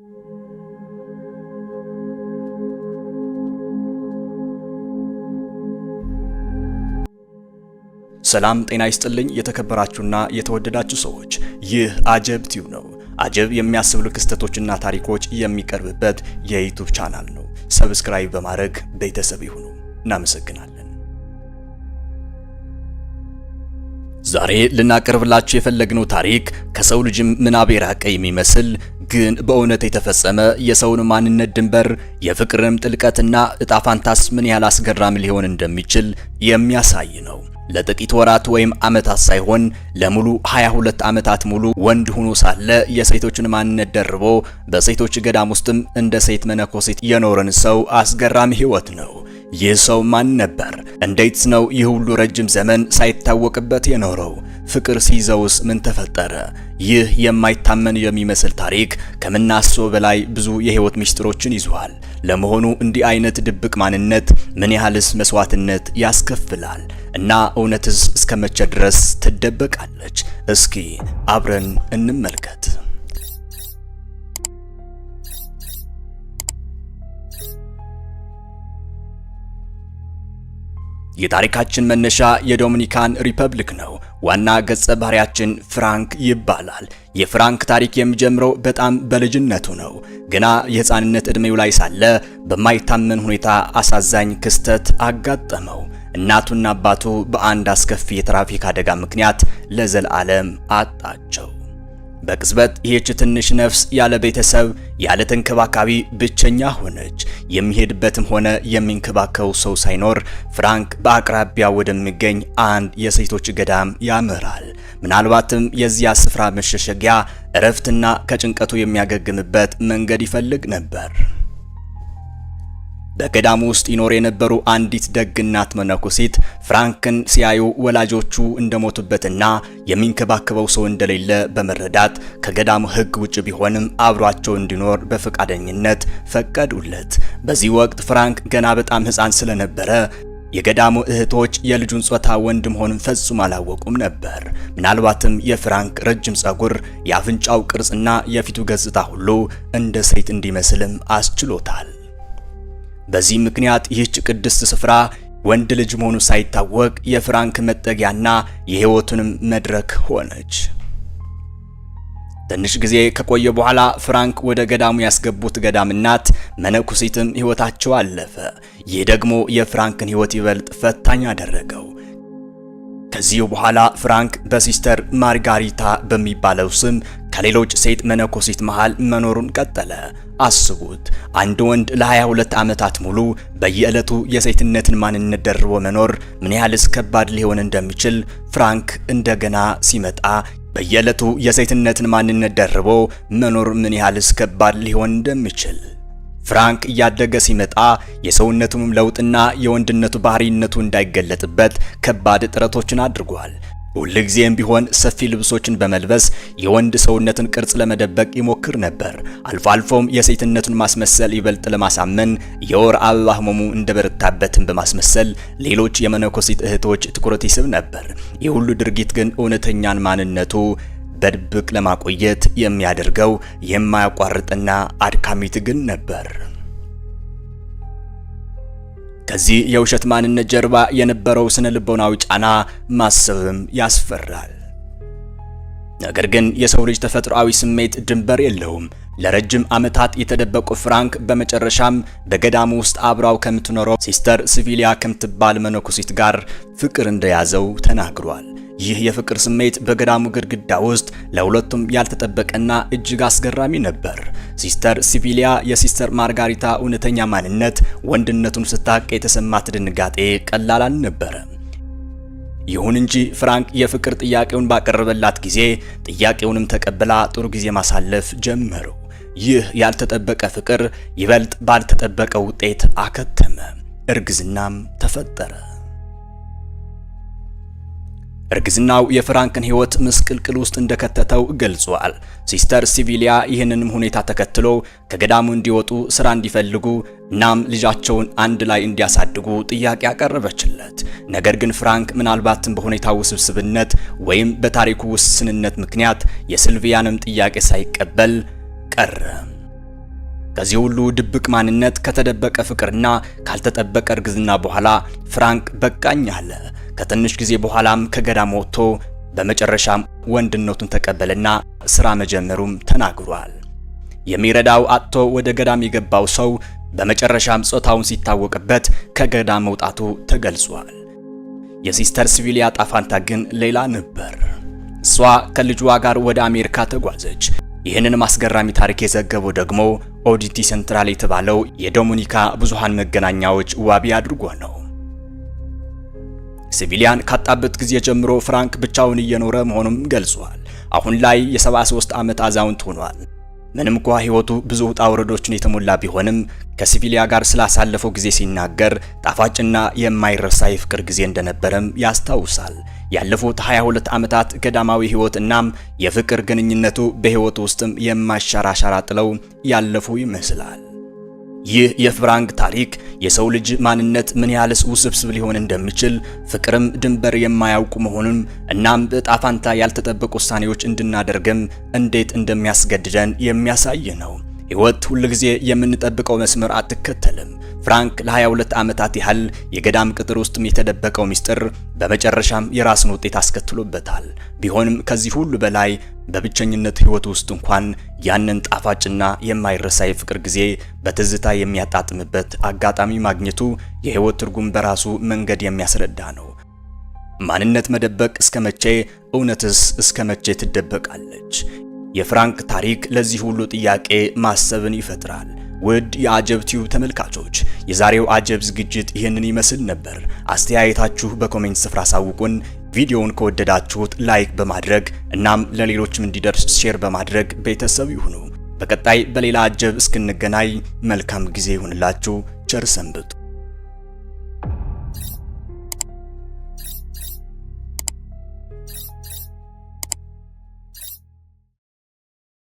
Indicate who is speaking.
Speaker 1: ሰላም ጤና ይስጥልኝ። የተከበራችሁና የተወደዳችሁ ሰዎች ይህ አጀብ ቲዩ ነው። አጀብ የሚያስብሉ ክስተቶችና ታሪኮች የሚቀርብበት የዩቱብ ቻናል ነው። ሰብስክራይብ በማድረግ ቤተሰብ ይሁኑ። እናመሰግናለን። ዛሬ ልናቀርብላችሁ የፈለግነው ታሪክ ከሰው ልጅ ምናብ የራቀ የሚመስል ግን በእውነት የተፈጸመ የሰውን ማንነት ድንበር የፍቅርም ጥልቀትና እጣ ፋንታስ ምን ያህል አስገራሚ ሊሆን እንደሚችል የሚያሳይ ነው። ለጥቂት ወራት ወይም ዓመታት ሳይሆን ለሙሉ 22 ዓመታት ሙሉ ወንድ ሆኖ ሳለ የሴቶችን ማንነት ደርቦ በሴቶች ገዳም ውስጥም እንደ ሴት መነኮሴት የኖረን ሰው አስገራሚ ሕይወት ነው። ይህ ሰው ማን ነበር? እንዴትስ ነው ይህ ሁሉ ረጅም ዘመን ሳይታወቅበት የኖረው? ፍቅር ሲይዘውስ ምን ተፈጠረ? ይህ የማይታመን የሚመስል ታሪክ ከምናስበው በላይ ብዙ የህይወት ምስጢሮችን ይዟል። ለመሆኑ እንዲህ አይነት ድብቅ ማንነት ምን ያህልስ መስዋዕትነት ያስከፍላል? እና እውነትስ እስከመቼ ድረስ ትደበቃለች? እስኪ አብረን እንመልከት። የታሪካችን መነሻ የዶሚኒካን ሪፐብሊክ ነው። ዋና ገጸ ባህሪያችን ፍራንክ ይባላል። የፍራንክ ታሪክ የሚጀምረው በጣም በልጅነቱ ነው። ገና የህፃንነት ዕድሜው ላይ ሳለ በማይታመን ሁኔታ አሳዛኝ ክስተት አጋጠመው። እናቱና አባቱ በአንድ አስከፊ የትራፊክ አደጋ ምክንያት ለዘላለም አጣቸው። በቅጽበት ይህች ትንሽ ነፍስ ያለ ቤተሰብ ያለ ተንከባካቢ ብቸኛ ሆነች። የሚሄድበትም ሆነ የሚንከባከው ሰው ሳይኖር ፍራንክ በአቅራቢያ ወደሚገኝ አንድ የሴቶች ገዳም ያመራል። ምናልባትም የዚያ ስፍራ መሸሸጊያ እረፍትና ከጭንቀቱ የሚያገግምበት መንገድ ይፈልግ ነበር። በገዳሙ ውስጥ ይኖር የነበሩ አንዲት ደግ እናት መነኮሴት ፍራንክን ሲያዩ ወላጆቹ እንደሞቱበትና የሚንከባከበው ሰው እንደሌለ በመረዳት ከገዳሙ ሕግ ውጭ ቢሆንም አብሯቸው እንዲኖር በፈቃደኝነት ፈቀዱለት። በዚህ ወቅት ፍራንክ ገና በጣም ሕፃን ስለነበረ የገዳሙ እህቶች የልጁን ጾታ ወንድ መሆኑን ፈጽሞ አላወቁም ነበር። ምናልባትም የፍራንክ ረጅም ጸጉር፣ የአፍንጫው ቅርጽና የፊቱ ገጽታ ሁሉ እንደ ሴት እንዲመስልም አስችሎታል። በዚህ ምክንያት ይህች ቅድስት ስፍራ ወንድ ልጅ መሆኑ ሳይታወቅ የፍራንክ መጠጊያና የሕይወቱንም መድረክ ሆነች። ትንሽ ጊዜ ከቆየ በኋላ ፍራንክ ወደ ገዳሙ ያስገቡት ገዳም እናት መነኩሲትም ሕይወታቸው አለፈ። ይህ ደግሞ የፍራንክን ሕይወት ይበልጥ ፈታኝ አደረገው። ከዚሁ በኋላ ፍራንክ በሲስተር ማርጋሪታ በሚባለው ስም ከሌሎች ሴት መነኮሲት መሃል መኖሩን ቀጠለ። አስቡት፣ አንድ ወንድ ለ22 ዓመታት ሙሉ በየዕለቱ የሴትነትን ማንነት ደርቦ መኖር ምን ያህልስ ከባድ ሊሆን እንደሚችል ፍራንክ እንደገና ሲመጣ በየዕለቱ የሴትነትን ማንነት ደርቦ መኖር ምን ያህልስ ከባድ ሊሆን እንደሚችል ፍራንክ እያደገ ሲመጣ የሰውነቱም ለውጥና የወንድነቱ ባህሪነቱ እንዳይገለጥበት ከባድ ጥረቶችን አድርጓል። ሁልጊዜም ቢሆን ሰፊ ልብሶችን በመልበስ የወንድ ሰውነትን ቅርጽ ለመደበቅ ይሞክር ነበር። አልፎ አልፎም የሴትነቱን ማስመሰል ይበልጥ ለማሳመን የወር አበባ ህመሙ እንደበረታበትም በማስመሰል ሌሎች የመነኮሲት እህቶች ትኩረት ይስብ ነበር። ይህ ሁሉ ድርጊት ግን እውነተኛን ማንነቱ በድብቅ ለማቆየት የሚያደርገው የማያቋርጥና አድካሚ ትግል ነበር። ከዚህ የውሸት ማንነት ጀርባ የነበረው ስነ ልቦናዊ ጫና ማሰብም ያስፈራል። ነገር ግን የሰው ልጅ ተፈጥሯዊ ስሜት ድንበር የለውም። ለረጅም ዓመታት የተደበቁ ፍራንክ በመጨረሻም በገዳሙ ውስጥ አብራው ከምትኖረው ሲስተር ሲቪሊያ ከምትባል መነኩሲት ጋር ፍቅር እንደያዘው ተናግሯል። ይህ የፍቅር ስሜት በገዳሙ ግድግዳ ውስጥ ለሁለቱም ያልተጠበቀና እጅግ አስገራሚ ነበር። ሲስተር ሲቪሊያ የሲስተር ማርጋሪታ እውነተኛ ማንነት ወንድነቱን ስታቅ የተሰማት ድንጋጤ ቀላል አልነበረ። ይሁን እንጂ ፍራንክ የፍቅር ጥያቄውን ባቀረበላት ጊዜ ጥያቄውንም ተቀብላ ጥሩ ጊዜ ማሳለፍ ጀመሩ። ይህ ያልተጠበቀ ፍቅር ይበልጥ ባልተጠበቀ ውጤት አከተመ። እርግዝናም ተፈጠረ። እርግዝናው የፍራንክን ህይወት ምስቅልቅል ውስጥ እንደከተተው ገልጿል። ሲስተር ሲቪሊያ ይህንንም ሁኔታ ተከትሎ ከገዳሙ እንዲወጡ ስራ እንዲፈልጉ እናም ልጃቸውን አንድ ላይ እንዲያሳድጉ ጥያቄ ያቀረበችለት። ነገር ግን ፍራንክ ምናልባትም በሁኔታው ውስብስብነት ወይም በታሪኩ ውስንነት ምክንያት የሲልቪያንም ጥያቄ ሳይቀበል ቀረ። ከዚህ ሁሉ ድብቅ ማንነት ከተደበቀ ፍቅርና ካልተጠበቀ እርግዝና በኋላ ፍራንክ በቃኝ አለ። ከትንሽ ጊዜ በኋላም ከገዳም ወጥቶ በመጨረሻም ወንድነቱን ተቀበለና ስራ መጀመሩም ተናግሯል። የሚረዳው አጥቶ ወደ ገዳም የገባው ሰው በመጨረሻም ጾታውን ሲታወቅበት ከገዳም መውጣቱ ተገልጿል። የሲስተር ሲቪሊያ ጣፋንታ ግን ሌላ ነበር። እሷ ከልጇ ጋር ወደ አሜሪካ ተጓዘች። ይህንን ማስገራሚ ታሪክ የዘገበው ደግሞ ኦዲቲ ሴንትራል የተባለው የዶሚኒካ ብዙሃን መገናኛዎች ዋቢ አድርጎ ነው። ሲቪሊያን ካጣበት ጊዜ ጀምሮ ፍራንክ ብቻውን እየኖረ መሆኑም ገልጿል። አሁን ላይ የ73 ዓመት አዛውንት ሆኗል። ምንም እንኳ ህይወቱ ብዙ ውጣ ውረዶችን የተሞላ ቢሆንም ከሲቪሊያ ጋር ስላሳለፈው ጊዜ ሲናገር ጣፋጭና የማይረሳ የፍቅር ጊዜ እንደነበረም ያስታውሳል። ያለፉት 22 ዓመታት ገዳማዊ ህይወት እናም የፍቅር ግንኙነቱ በህይወቱ ውስጥም የማይሻር አሻራ ጥለው ያለፉ ይመስላል። ይህ የፍራንክ ታሪክ የሰው ልጅ ማንነት ምን ያህልስ ውስብስብ ሊሆን እንደሚችል ፍቅርም ድንበር የማያውቁ መሆኑን እናም በዕጣ ያልተጠበቁ ውሳኔዎች እንድናደርግም እንዴት እንደሚያስገድደን የሚያሳይ ነው። ሕይወት ሁልጊዜ የምንጠብቀው መስመር አትከተልም። ፍራንክ ለ22 ዓመታት ያህል የገዳም ቅጥር ውስጥ የተደበቀው ሚስጥር በመጨረሻም የራስን ውጤት አስከትሎበታል። ቢሆንም ከዚህ ሁሉ በላይ በብቸኝነት ሕይወት ውስጥ እንኳን ያንን ጣፋጭና የማይረሳ የፍቅር ጊዜ በትዝታ የሚያጣጥምበት አጋጣሚ ማግኘቱ የሕይወት ትርጉም በራሱ መንገድ የሚያስረዳ ነው። ማንነት መደበቅ እስከ መቼ? እውነትስ እስከ መቼ ትደበቃለች? የፍራንክ ታሪክ ለዚህ ሁሉ ጥያቄ ማሰብን ይፈጥራል። ውድ የአጀብ ቲዩብ ተመልካቾች የዛሬው አጀብ ዝግጅት ይህንን ይመስል ነበር። አስተያየታችሁ በኮሜንት ስፍራ ሳውቁን። ቪዲዮውን ከወደዳችሁት ላይክ በማድረግ እናም ለሌሎችም እንዲደርስ ሼር በማድረግ ቤተሰብ ይሁኑ። በቀጣይ በሌላ አጀብ እስክንገናኝ መልካም ጊዜ ይሁንላችሁ። ቸር ሰንብቱ።